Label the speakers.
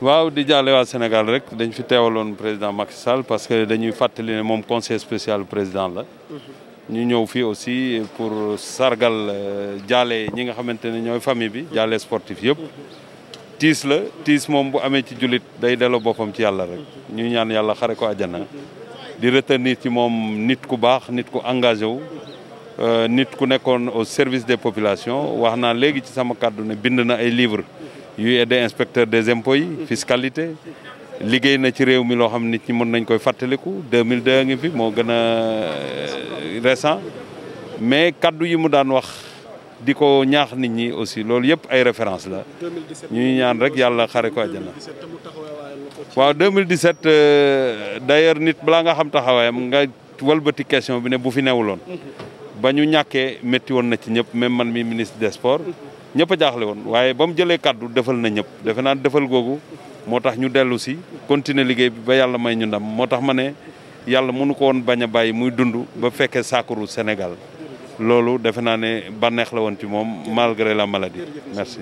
Speaker 1: waaw di jaale waa Sénégal rek dañu fi teewaloon président Macky Sall parce que dañuy fàttali ne moom conseil spécial président la. Mhm. ñu ñëw fii aussi pour sargal euh, jaale ñi nga xamante ne ñooy famille bi jaale sportif yëpp. Mhm. tiis la tiis moom bu amee ci jullit day delloo boppam ci yàlla rek. Mhm. ñu ñaan yàlla xare ko àjjana. di retenir ci moom nit ku baax nit ku engagé wu. Euh, nit ku nekkoon au service des population wax naa léegi ci sama kàddu ne bind na ay livres. yuy aidé inspecteur des impôts yi fiscalité liggéey na ci réew mi loo xam nit ñi mën nañ koy fàttaliku 2002 ngi fi moo gën a euh, récent mais kaddu yi mu daan wax di ko ñaax nit ñi aussi loolu yëpp ay référence la ñu ñaan rek yàlla xare ko àjjana waaw 2017 euh, d'ailleurs nit balaa nga xam taxawaayam nga walbati question bi ne bu fi newuloon mhm. ba ñu ñàkkee métti woon na ci ñëpp même man mi ministre des sports mhm. ñëpp a jaaxle woon waaye ba mu jëlee kàddu defal na ñëpp defe naa defal googu moo tax ñu dellu si continuer liggéey bi ba yàlla may ñu ndam moo tax ma ne yàlla mënu ko woon bañ a bàyyi muy dund ba fekkee saakuru Sénégal loolu defe naa ne bànneex la woon ci moom malgré la maladie merci